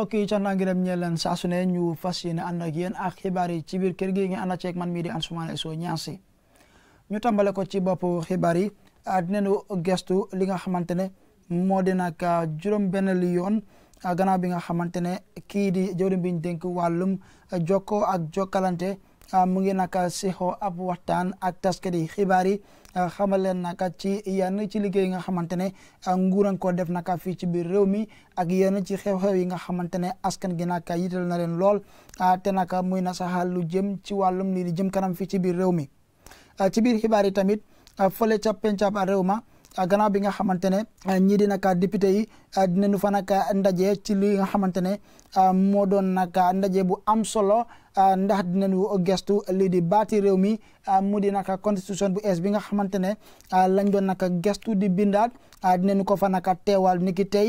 mbokk yi cant naa gërëm ñeel leen ñu fas yéene ànd ak yéen ak xibaar yi ci biir kër gi nga ànd ceeg man mi di Ansumana Sow Ñaasi ñu tàmbale ko ci bopp xibaar yi ah, dinañu gestu li nga xamante ne moo di nag ah, juróom-benn li yoon ah, gannaaw bi nga xamante ne kii di jëwriñ bi ñu dénk wàllum jokko ak jokkalante. Ah, mu ngi nag seexoo ab waxtaan ak taskati xibaar yi ah, xamal leen nag ci yenn ci liggéey yi nga xamante ne ah, nguuran ko def nag fii ci biir réew mi ak yenn ci xew-xew yi nga xamante ne askan gi nag yital na leen lool te nag muy na saxal lu jëm ci wàllum lii jëm kanam fii ci biir réew mi biir xibaar yi tamit fële ca pencab réew ma a bi nga xamante ne ñii di nag député yi dinañu fa nag ndaje ci li nga xamante ne Ah, moo doon nag ah, ndaje bu am solo ah, ndax dinañu gestu lii di baati réew mi mu di nag constitution bu es bi nga xamante ne lañ doon nag gestu di bindaat dinañu ko fa nag teewal niki tey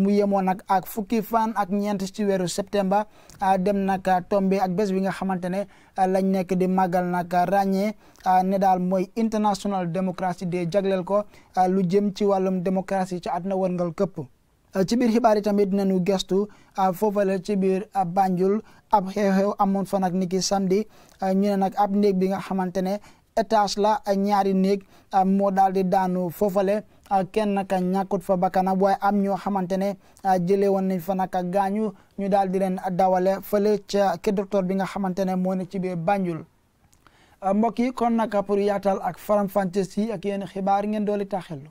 mu yemoon nag ak fukki fan ak ñeent ci weeru septembre dem nag tombe ak bés bi nga xamante ne lañ nekk di màggal nag ràññee ne daal mooy international démocratie de jagleel ko lu jëm ci wàllum démocratie ci àdduna wërngal këpp ci biir xibaar yi tamit dinañu gestu ah, foofale ci biir ah, Banjul ab xew-xew amoon fa nag niki samedi ah, ñu ne nag ab néeg bi nga xamante ne étage la ñaari néeg moo daal di daanu foofale kenn nag ñàkkut fa bakkanam waaye am ñoo xamante ne jëlee woon nañ fa nag gaañu ñu daal di leen dawale fële ca ke docteur bi nga xamante ne moo ne ci biir Banjul mbokk yi kon nag pour yaatal ak faram-fàcce ak yenn xibaar ngeen dooli taxellu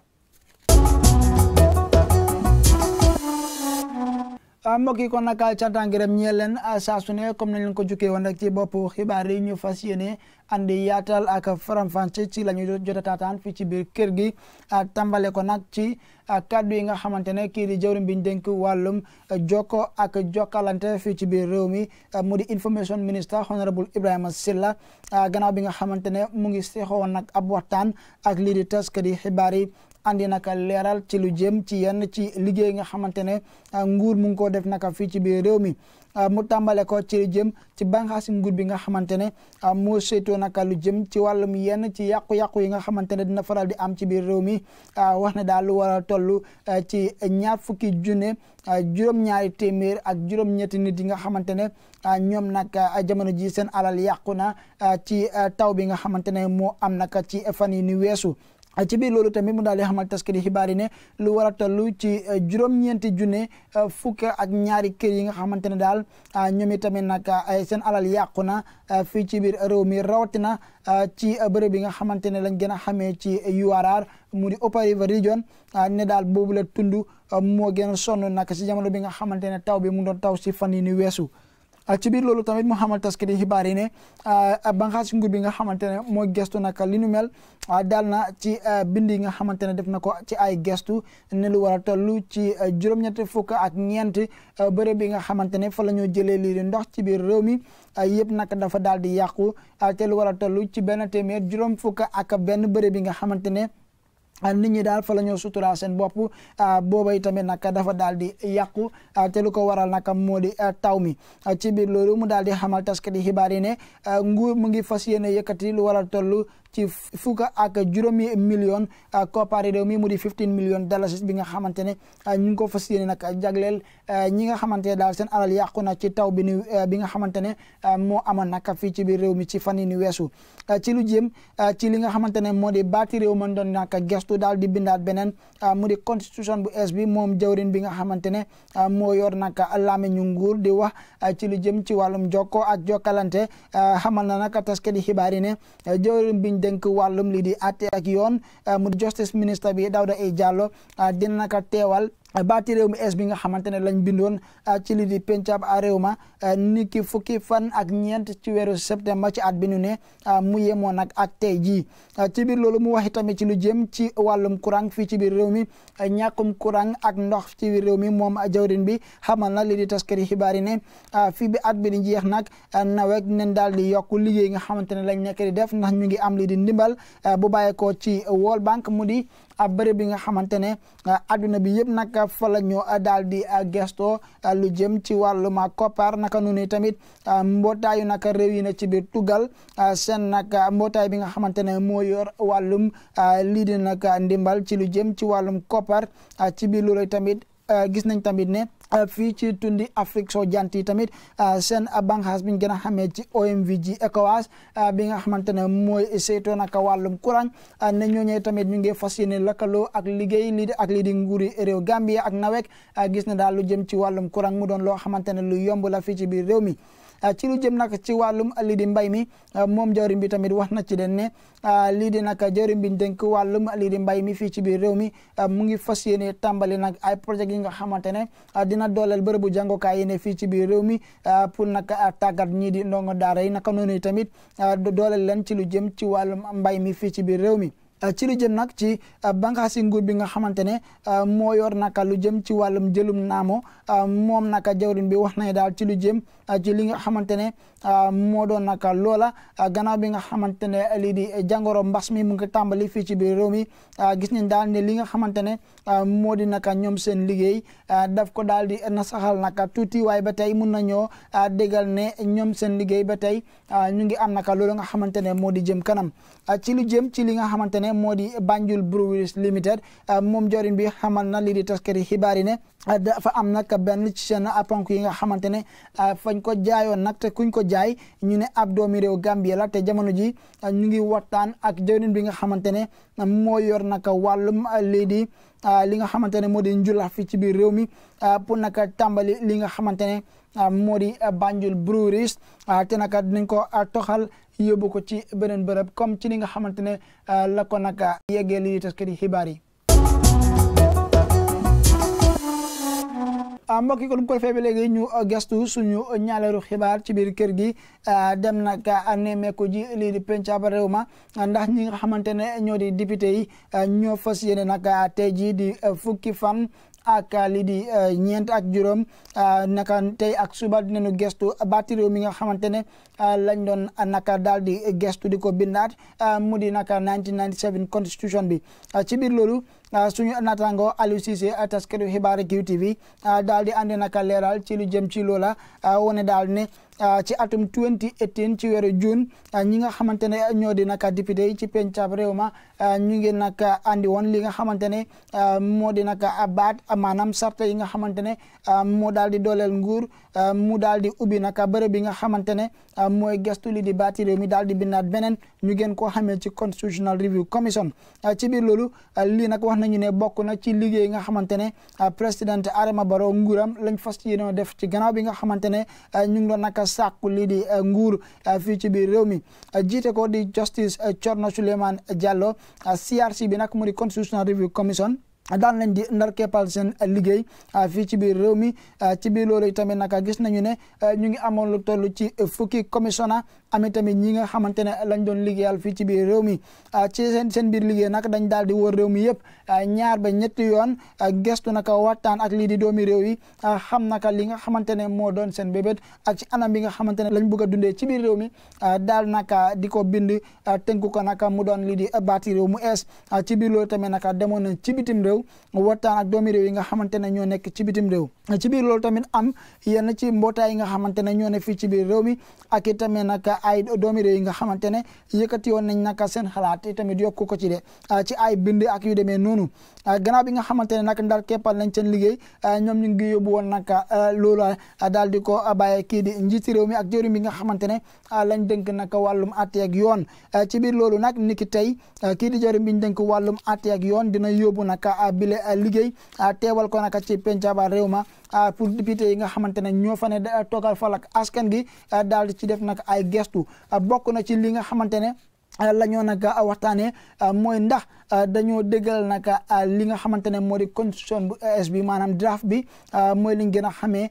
Ah, mbokk yi kon nag cant ak ngërëm ñeel leen ah, saa su ne comme nañ leen ko jukkee woon rek ci bopp xibaar yi ñu fas yéene andi yaatal ak faram-fàcce ci la ñu jot a fii ci biir kër gi tàmbale ko nag ci kàddu yi nga xamante ne kii di jawriñ bi ñu dénk wàllum jokko ak jokkalante fii ci biir réew mi mu di information minister honorable Ibrahima Silla gannaaw bi nga xamante ne mu ngi seexoon nag ab waxtaan ak lii di taskat yi xibaar yi andi naka leeral ci lu jëm ci yenn ci liggéey nga xamante ne nguur mu ngi ko def naka fii ci biir réew mi Ah, mu tàmbale ko ci lu jëm ci bànqaasi nguur bi nga xamante ne ah, moo saytoo naka lu jëm ci wàllum yenn ci yàqu-yàqu yi nga xamante ne dina faral di am ci biir réew mi ah, wax ne daal lu war a toll ci ñaar fukki junne juróom-ñaari téeméer ak juróom-ñetti nit yi nga xamante ne ñoom nag jamono ji seen alal yàqu na ci taw bi nga xamante ne moo am naka ci fan yi ni weesu Ah, ci biir loolu tamit mu daal di xamal taskati xibaar yi ne lu war a toll ci eh, juróom-ñeenti junne eh, fukk ak ñaari kër yi nga xamante ne daal ah, ñoom itamit nag ah, seen alal yàqu na eh, fii ci biir réew mi rawatina ci bërëb yi nga xamante ne lañ gën a xamee ci URR mu di Upper River Region ne daal boobu la tund moo gën a sonn si jamono bi nga xamante ne taw bi mu doon taw si fan yi weesu. ci biir loolu tamit mu xamal taskati xibaar yi ne ah, ah, banxaas nguur bi nga xamante ne mooy gestu naka li nu mel ah, daal na ci bind yi nga xamante ne def na ko ci ay gestu ne lu war a toll ci juróom-ñetti fukk ak ñeent bërëb bi nga xamante ne fa la ñoo jëlee lii di ndox ci biir réew mi yëpp nag dafa daal di yàqu te lu war a toll ci benn téeméer juróom fukk ak benn bërëb bi nga xamante ne Ah, nit ñi daal fa la ñoo suturaa seen bopp ah, booba itamit nag dafa daal di yàqu ah, te lu ko waral nag moo di taw mi ci biir loolu mu daal di xamal taskati xibaar yi ne nguur mu ngi fas yéene yëkkati lu waral toll ci fukk ak juróomi million koppari réew mi mu di million dalasis bi nga xamante ne ñu ngi ko fas yéene nag jagleel ñi nga xamante ne daal seen alal yàqu na ci taw bi ni bi nga xamante ne moo amoon naka fii ci biir réew mi ci fan yi ni weesu ci lu jéem ci li nga xamante ne moo di baati réew man doon nag gestu daal di bindaat beneen mu di constitution bu es bi moom jawrin bi nga xamante ne moo yor nag laame ñu nguur di wax ci lu jëm ci wàllum jokkoo ak jokkalante xamal na nag taskati xibaar yi ne jawrin bi dénk wàllum lii di àtte ak yoon eh, mu di justice minister bi Dawda A Jallow eh, dina naka teewal baati réew mi es bi nga xamante ne lañ bindoon ah, ci li di pencab a ah, réew ma ah, ni ki fukki fan ak ñeent ci weeru septembre ci at bi ñu ne mu yemoon nag ak tey jii ci biir loolu mu waxi tamit ci lu jëm ci wàllum courant fii ci biir réew mi ñàkkum courant ak ndox ci biir réew mi moom a jawrin bi xamal na li di taskari xibaar yi ne fii bi at bi di jeex nag nawet nañ daal di yokk liggéey nga xamante ne lañ nekk di def ndax ñu ngi am li di ndimbal bu bàyyeekoo ci World Bank mu di bëri bi nga xamante ne euh, bi yëpp nag fa la ñu euh, daal di euh, gesto lu jëm ci wàllum koppar naka noonu tamit mbootaayu nag réew yi na ci biir tugal seen nag mbootaay bi nga xamante ne moo yor wàllum lii di nag ndimbal ci lu jëm ci wàllum koppar ci biir loolu tamit gis nañ tamit ne fii ci tundi Afrique soo jant yi tamit seen banqaas bi ñu gën a xamee ci OMVG ECOWAS bi nga xamante ne mooy saytoo naka wàllum courant ne ñooñee tamit ñu nge fas yéene lëkkaloo ak liggéey lii ak lii di nguuri réew Gambia ak NAWEC gis na daal lu jëm ci wàllum courant mu doon loo xamante ne lu yomb la fii ci biir réew mi. Ah, ci lu jëm nag ci wàllum lii di mbay mi ah, moom jawriñ bi tamit wax na ci den ne ah, lii di nag jawriñ bi dénk wàllum lii di mbay mi fii ci biir réew mi mu ngi fas yéene tàmbali nag ay projet yi nga xamante ne dina dooleel bërëbu jàngokaay yi ne fii ci biir réew mi pour nag tàggat ñii di ndongo daara yi naka noonu tamit dooleel leen ci lu jëm ci wàllum mbay mi fii ci biir réew mi Euh, ci lu jëm nag ci euh, banqaasi nguur bi nga xamante ne euh, moo yor naka lu jëm ci wàllum jëlum naamo moom naka jawrin bi wax nañ daal ci lu jëm ci li nga xamante ne moo doon naka loola gannaaw bi nga xamante ne lii di jàngoro mbas mi mu ngi tàmbali fii ci biir réew mi gis nañ daal li nga xamante ne moo di naka ñoom seen liggéey daf ko daal di nasaxal naka tuuti waaye ba tey mun nañoo déggal ne ñoom seen liggéey ba tey Ah, ñu ngi am naka loolu nga xamante ne moo di jëm kanam ah, ci lu jëm ci li nga xamante ne moo di Banjul Breweries Limited ah, moom jorin bi xamal na lii di taskari xibaar yi am nag benn ci a ponk yi nga xamante ne fañ ko jaayoon nag te kuñ ko jaay ñu ne ab doomi réew Gambie la te jamono ji ñu ngi waxtaan ak jorin bi nga xamante ne moo yor naka wàllum lii Ah, li nga xamante ne moo di njulax fii ci biir réew mi ah, pour nag tàmbali li nga xamante ne ah, moo di Banjul Breweries te nag dinañ ko toxal yóbbu ko ci beneen bërëb comme ci li nga xamante ne la ko nag yeggee li taskati xibaar yi Ah, mbokk yi kon bu ko defee ba ñu gestu suñu ñaaleeru xibaar ci biir kër gi ah, dem nag ah, nemmeeku ji lii di pencaba réew ma ndax ñi nga xamante ne ñoo di député yi ñoo fas yéene nag tey jii di fukki fan ak lii di ñeent ak juróom naka tey ak suba dinañu gestu baati réew mi nga xamante ne lañ doon naka daal di gestu di ko bindaat mu di naka 1997 constitution bi ci biir loolu. Ah, suñu naataango Aliou Cissé ah, taskatu xibaar QTV ah, daal di andi naka leeral ci lu jëm ci loola wone daal ne ci atum 2018 ci weeru juin ñi nga xamante ne ñoo di nag député yi ci pencab réew ma ñu ngi nag andi woon li nga xamante ne moo di nag baat maanaam sarta yi nga xamante ne moo daal di dooleel nguur mu daal di ubbi nag bërëb bi nga xamante ne mooy gestu li di baati réew mi daal di bindaat beneen ñu gën koo xamee ci constitutional review commission ci biir loolu lii nag wax nañu ne bokk na ci liggéey nga xamante ne président Adama Barrow nguuram lañ fas yéenoo def ci gannaaw bi nga xamante ne ñu ngi doon nag sàkku lii di eh, nguur eh, fii ci biir réew mi eh, jiite ko di justice Thierno Souleymane Diallo CRC bi nag mu di constitutional review commission daan nañ di ndar keppal seen liggéey ah, fii ci biir réew mi ah, ci biir loolu tamit naka gis nañu ne ah, ñu ngi amoon lu toll ci fukki commissionnat ami tamit ñi nga xamante ne lañ doon liggéeyal fii ci biir réew mi ci seen seen biir liggéey nag dañ daal di wër réew mi yëpp ñaar ba ñetti yoon gestu naka waxtaan ak lii di doomi réew yi xam naka li nga xamante ne moo doon seen ak ci anam bi nga xamante ne lañ bëgg a dundee ci biir réew mi daal naka di ko bind tënku ko naka mu doon lii di baati réew mu ees ci biir loolu tamit naka demoon nañ ci bitim réew waxtaan ak doomi réew yi nga xamante ne ñoo nekk ci bitim réew ci biir ne ñoo ne fii ci biir réew mi ak itamit nag ay doomi yi nga xamante ne yëkkati woon nañ nag seen xalaat itamit yokku ko ci de ah, ay bind ak yu demee noonu ah, gannaaw bi nga xamante ne nag ndar keppal nañ seen liggéey ah, ñoom ñu ngi yóbbu woon nag loolu daal di ko bàyyee kii di njiiti réew mi ak jëwriñ bi nga xamante ne lañ dënk nag wàllum àtte ak yoon ci biir loolu nag niki tey kii di jëwriñ bi ñu dënk yoon dina yóbbu nag a bile liggéey teewal ko nag ci ba réew ma pour député yi nga xamante ne ñoo fane ne toogal falak askan gi daal di ci def nag ay gestu bokk na ci li nga xamante Euh, la ñoo nag euh, waxtaanee euh, mooy ndax dañoo déggal nag li nga xamante ne moo di constitution bu es bi maanaam draft bi mooy liñ gën a xamee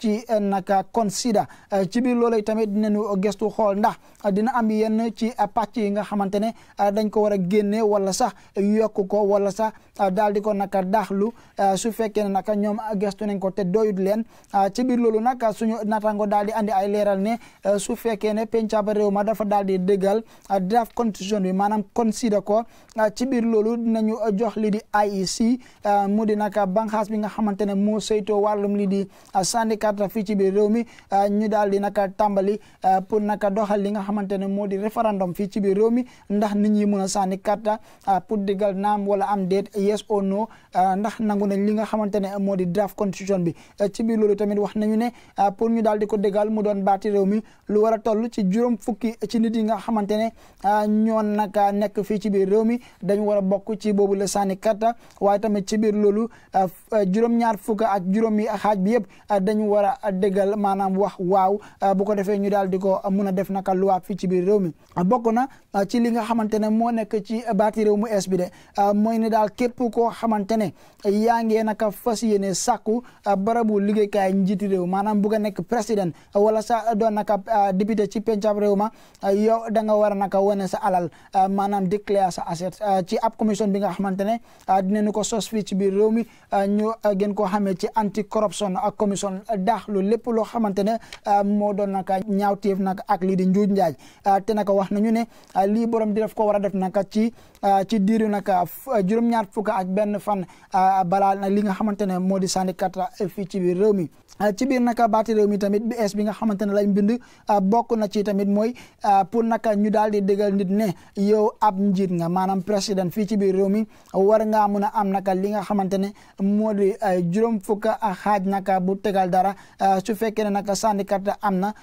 ci nag consider ci biir loolu tamit dinañu gëstu xool ndax dina am yenn ci pàcc yi nga xamante ne dañ ko war a génne wala sax yokk ko wala sax daal di ko nag daaxlu su fekkee ne ñoom a gëstu nañ ko te doyut leen ci biir loolu nag suñu natango daal di andi ay leeral ne su fekkee ne pencaba réew ma dafa daal di déggal draft constitution bi maanaam consider ko ah, ci biir loolu ñu ah, jox li di IEC ah, mu di nag banxaas bi nga xamante ne moo saytoo wàllum li di sànni carte fii ci biir réew mi ñu daal di nag tàmbali pour nag doxal li nga xamante ne moo di référendum fii ci biir réew mi ndax ni ñi mën a sànni carte pour digal naam wala am déet yes or no ndax nangu nañ li nga xamante ne moo di draft constitution bi ci biir loolu tamit wax nañu ne pour ñu daal di ko dégal mu doon baati réew mi lu war a ci juróom fukki ci nit yi nga xamante ne ñoon nag nekk fii ci biir réew mi dañu war a bokk ci boobu la sànni kat waaye tamit ci biir loolu juróom-ñaar fukk ak juróom yi xaaj bi yëpp dañu war a déggal maanaam wax waaw bu ko defee ñu daal di ko mun a def naka luwaab fii ci biir réew mi bokk na ci li nga xamante ne moo nekk ci baati réew mu es bi de mooy ni daal képp koo xamante ne yaa ngee naka fas yéene sàkku barabu liggéeykaay njiiti réew maanaam bu nga nekk président wala sa doon naka député ci pencam réew ma yow da nga war a naka wane sa alal ah, maanaam déclare sa asset ah, ci ab commission bi nga xamante ne ah, dinañu ko sos fii ci biir réew mi ñu gën koo xamee ci anti corruption ak commission daax lu lépp loo xamante ne moo doon naka ñaawteef nag ak lii di njuuj njaaj ko war a def naka ci ci diiru naka juróom-ñaar fukk ak benn fan balaa li nga xamante ne moo di sànni kàttan fii ci biir réew mi ci biir naka baati réew mi tamit bi es bi nga xamante ne lañ bind bokk na ci tamit mooy pour naka ñu daal di yëgal nit ne yow ab njiit nga maanaam président fii ci biir réew mi war ngaa mun a am naka li nga xamante ne moo di juróom fukk ak xaaj naka bu tegal dara ah, su fekkee ne naka sànni carte am na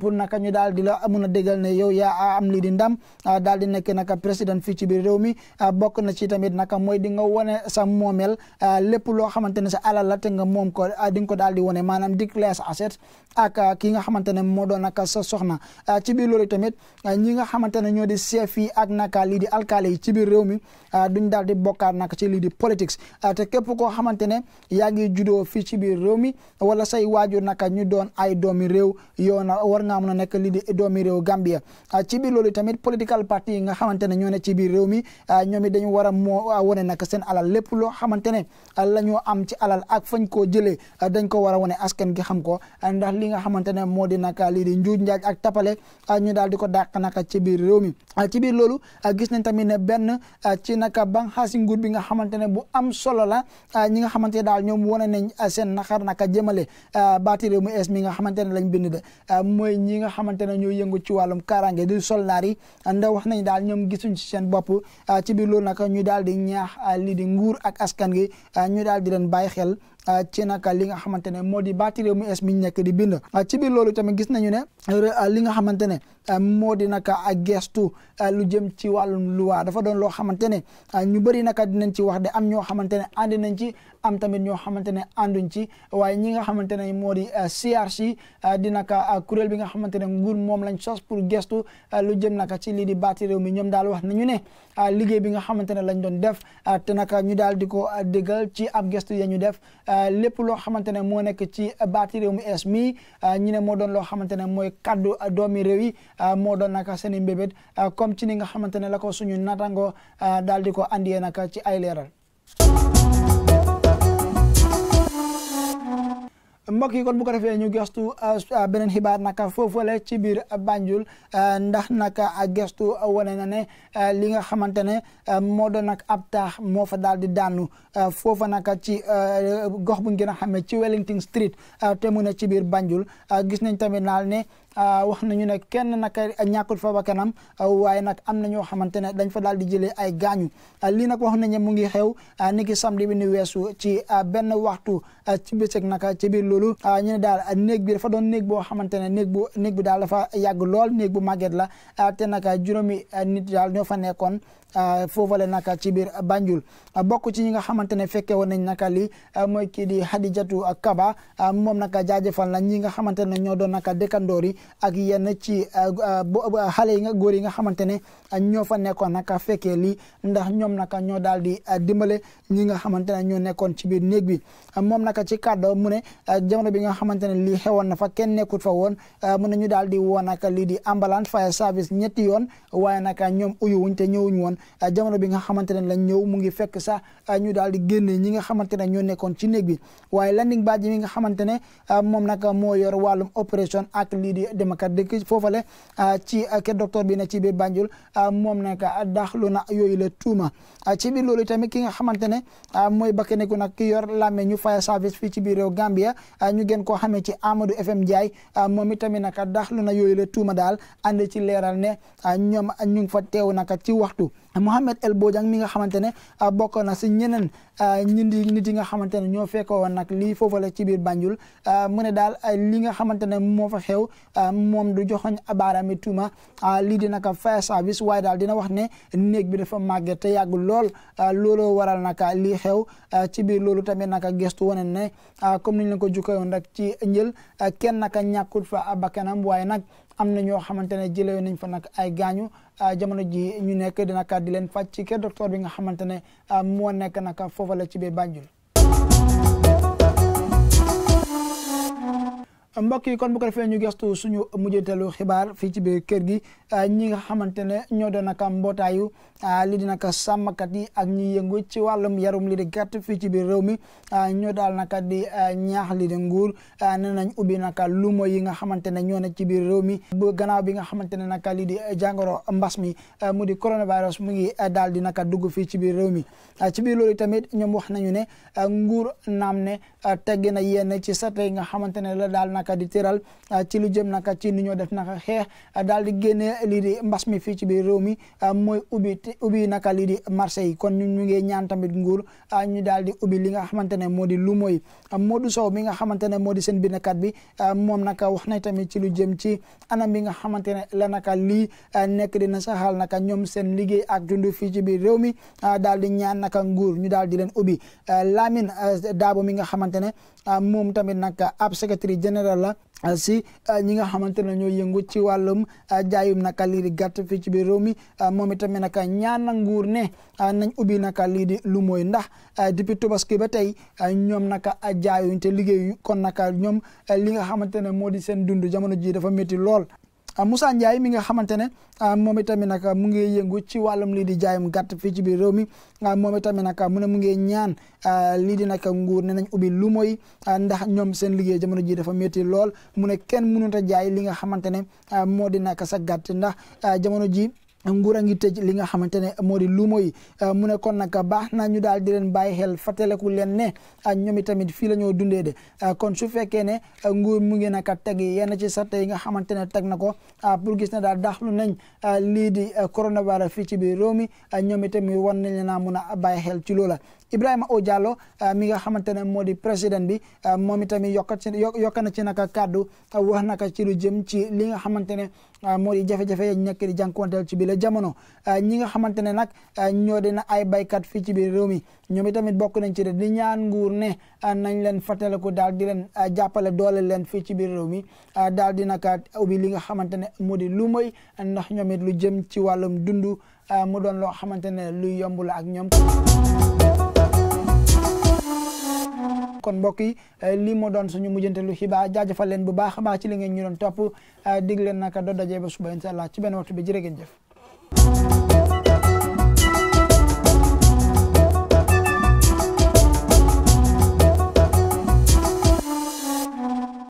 pour naka ñu daal di la mun a déggal ne yow yaa am lii di ndam ah, daal di nekk naka président fii ci biir réew mi ah, bokk na ci tamit naka mooy di nga wone sa moomeel lépp loo xamante ne sa alala la te nga moom ko di nga ko daal di wone maanaam declare sa asset ak ki nga xamante ne moo doon naka sa soxna ci biir loolu tamit ñi nga xamante ñoo di chef yi ak naka lii di alkaali ci biir réew mi ah, duñ daal di bokkaat nag ci lii di politique ah, képp koo xamante ne yaa ngi juddoo fii ci biir réew mi wala say waajur naka ñu doon ay doomi réew yow na war ngaa mën a nekk lii di doomi réew Gambia ah, ci biir loolu tamit political party yi nga xamante ne ñoo ne ci biir réew mi ñoom it dañu war a moo wane nag seen alal lépp loo xamante ne la ñoo am ci alal ak fañ koo jëlee dañ ko war a wane askan gi xam ko ndax li nga xamante ne moo di nag lii di njuuj njaaj ak tapale ñu daal di ko dàq nag ci biir réew mi ah, ci biir loolu ah, gis nañ tamit ne benn ah, ci naka banxaasi nguur bi nga xamante ne bu am solo la ñi nga xamante ne daal ñoom wane nañ seen naqar naka jëmale baati réew mu es mi nga xamante ne lañ bind de mooy ñi nga xamante ne ñoo yëngu ci wàllum kaaraange di soldaar yi ndax wax nañ daal ñoom gisuñ ci seen bopp ci biir loolu ñu daal di ñaax lii di nguur ak askan gi ñu daal di leen bàyyi xel Ah, ci nag li nga xamante ne moo di baati réew mi es mi ñu nekk di bind ah, ci biir loolu tamit gis nañu ne ah, li nga xamante ne moo di nag ak gestu lu jëm ci wàllum luwaa dafa doon loo xamante ne ñu bëri nag dinañ ci wax di am ñoo xamante ne ànd nañ ci am tamit ñoo xamante ne ànduñ ci waaye ñi nga xamante ne moo di CRC di nag kuréel bi nga xamante ne nguur moom lañ sos pour gestu lu jëm nag ci lii di baati réew mi ñoom daal wax ñu ne liggéey bi nga xamante ne lañ doon def te nag ñu daal di ko déggal ci ab gestu ya ñu def Euh, lépp loo xamante ne moo nekk ci baati réew mi es mi euh, ñu ne moo doon loo xamante ne mooy kaddu doomi réew yi euh, moo doon naka seen i mbébét comme ci ni nga xamante ne la ko suñu natango daal di ko andiyee naka ci ay leeral mbokk yi kon bu ko defee ñu gëstu euh, euh, beneen xibaar naka foofale ci biir Banjul euh, ndax naka gëstu wane na ne li nga xamante ne moo doon nag ab taax moo fa daal di daanu foofa naka ci gox bu ngeen a xamee ci Wellington Street te ne ci biir Banjul gis nañ tamit naal ne Ah, wax nañu ne kenn nag ñàkkul fa kanam ah, waaye nag am na ñoo xamante ne dañ fa daal di jëlee ay gaañu ah, lii nag wax nañu mu ngi xew a ki samedi bi ni weesu ci benn waxtu ci bëccëg nag ci biir loolu ñu ne daal néeg bi dafa doon néeg boo xamante ne néeg bu néeg bi daal dafa yàgg lool néeg màgget la te nag juróomi nit daal ñoo fa nekkoon foofale nag ci biir Banjul a bokk ci ñi nga xamante ne fekke woon nañ naka li mooy kii di Hadijatu Kaba moom nag jaajëfal na ñi nga xamante ne ñoo doon nag dëkkandoor yi ak yenn ci eh, eh, eh, xale yi nga góor yi nga xamante ne ñoo fa nekkoon nag fekkee lii ndax ñoom nag ñoo daal di dimbale ñi nga xamante ne ñoo nekkoon ci biir néeg bi moom nag ci kàddo mu ne jamono bi nga xamante ne lii xewoon na fa kenn nekkul fa woon mu ne ñu daal di woo nag lii di ambulance fire service ñetti yoon waaye nag ñoom uyu te ñëwuñ woon jamono bi nga xamante ne lañ ñëw mu ngi fekk sax ñu daal di génne ñi nga xamante ne ñoo nekkoon ci néeg bi waaye landing badge nga xamante ne moom nag moo yor wàllum opération ak lii demakat dëkk foofale ci ke docteur a ne ci biir Banjul moom nag daxlu na yooyu la tuuma ci biir loolu tamit ki nga xamante ne mooy bakkaneku nag ki yor làmme ñu fire service fii ci biir réew Gambia ñu gën koo xamee ci Amadou FM Ndiaye moom itamit nag daxlu na yooyu la tuuma daal ànd ci leeral ne ñoom a ngi fa teew nag ci waxtu Mohamed El Bojang mi nga xamante ne bokk na si ñeneen ñi di nga xamante ñoo fekkoon nag lii foofale ci biir Banjul mu ne daal li nga xamante moo fa xew Euh, moom du joxoñ abaaraami tuuma euh, lii di naka fire service waaye daal dina wax ne néeg bi dafa màgget te yàggul lool euh, loolo waral naka lii xew ci biir loolu tamit naka gestu wane ne comme niñ la ko jukkayoon rek ci njël kenn naka ñàkkul fa bakkanam waaye nag am na ñoo xamante ne jëlee nañ fa nag ay gaañu jamono ji ñu nekk dina ka di leen faj ci kër docteur bi nga xamante ne moo nekk naka foofa la ci biir Banjul mbokk yi kon bu ko defee ñu gestu suñu mujjantalu xibaar fii ci biir kër gi ah, ñi nga xamante ne ñoo doon naka mbootaayu ah, li di naka sàmmkat yi ak ñi yëngu ci wàllum yarum li di gàtt fii ci biir réew mi ah, ñoo daal naka di ñaax li nguur ne nañ ubbi naka lumo yi nga xamante ne ñoo ne ci biir réew mi bu gannaaw bi nga xamante ne naka li di jàngoro mbas mi mu di coronavirus mu ngi daal di naka dugg fii ci biir réew mi ci biir ñoom wax nañu ne nguur naam ne tegg na yenn ci sate nga xamante la daal naka di tëral ah, ci lu jëm naka ci nu ñoo def naka xeex ah, daal di génne lii di mbas mi fii ci biir réew mi ah, mooy ubbi naka lii di marché yi kon ñu ñu ngi ñaan tamit di ubbi li nga xamante ne moo di lu mooy Modou Sow mi moo di seen bi moom naka wax na tamit ci lu jëm ci anam bi nga xamante ne la naka lii nekk dina saxal naka ñoom seen liggéey a dund fii ci biir réew mi daal di ñaan naka nguur ñu daal di leen ubbi Lamine Dabo mi nga xamante Ah, moom tamit nag ah, ab secrétaire général la ah, si ñi nga xamante ne ñoo yëngu ci wàllum jaayum naka lii di gàtt fii ci biir réew mi moom itamit nag ñaan na nguur ne nañ ubbi naka lii di lu mooy ndax depuis Tabaski ba tey ñoom naka jaayuñ te liggéeyu kon naka ñoom li nga xamante ne moo di seen dund jamono ji dafa métti lool. Ah, Moussa Ndiaye mi nga xamante ne ah, moom itamit nag mu ngi yëngu ci wàllum lii di jaayum gàtt fii ci biir réew mi ah, moom itamit nag mu ne mu ngi ñaan lii di nag nguur ne nañ ubbi lu moy ndax ñoom seen liggéey jamono ji dafa métti lool mu ne kenn mënut a jaay li nga xamante ne moo di nag sa gàtt ndax jamono ji nguur a ngi tëj li nga xamante ne moo di luumo yi euh, mu ne kon nag baax na ñu daal di leen bàyyi xel fàttaleku leen ne euh, ñoom itamit fii la ñoo dundee de euh, kon su fekkee ne nguur mu ngi naka teg yenn ci sart yi nga xamante ne teg na ko pour gis na daal daxlu nañ lii di coronavirus fii ci biir réew mi ñoom itamit wan nañ leen a mun a bàyyi xel ci loola Ibrahima O Diallo euh, mi nga xamante ne moo di président bi euh, moom itamit yokk ci yokk na ci naka kàddu euh, wax naka ci lu jëm ci li nga xamante ne moo di jafe-jafe yañ ci bi jamono ñi nga xamante ne nag ñoo dina ay baykat fii ci biir réew mi ñoom itamit bokk nañ ci de di ñaan nguur ne nañ leen fàttaliku daal di leen jàppale doole leen fii ci biir réew mi daal di naka ubbi li nga xamante ne moo di lu moy ndax ñoom it lu jëm ci wàllum dund mu doon loo xamante ne luy yomb la ak ñoom kon mbokk yi eh, lii moo doon suñu mujjantelu xibaar jaajëfal leen bu baax a baax ci li ngeen ñu doon topp eh, dig leen naka do dajee ba suba incha allah ci benn waxtu bi jërë ngeen jëf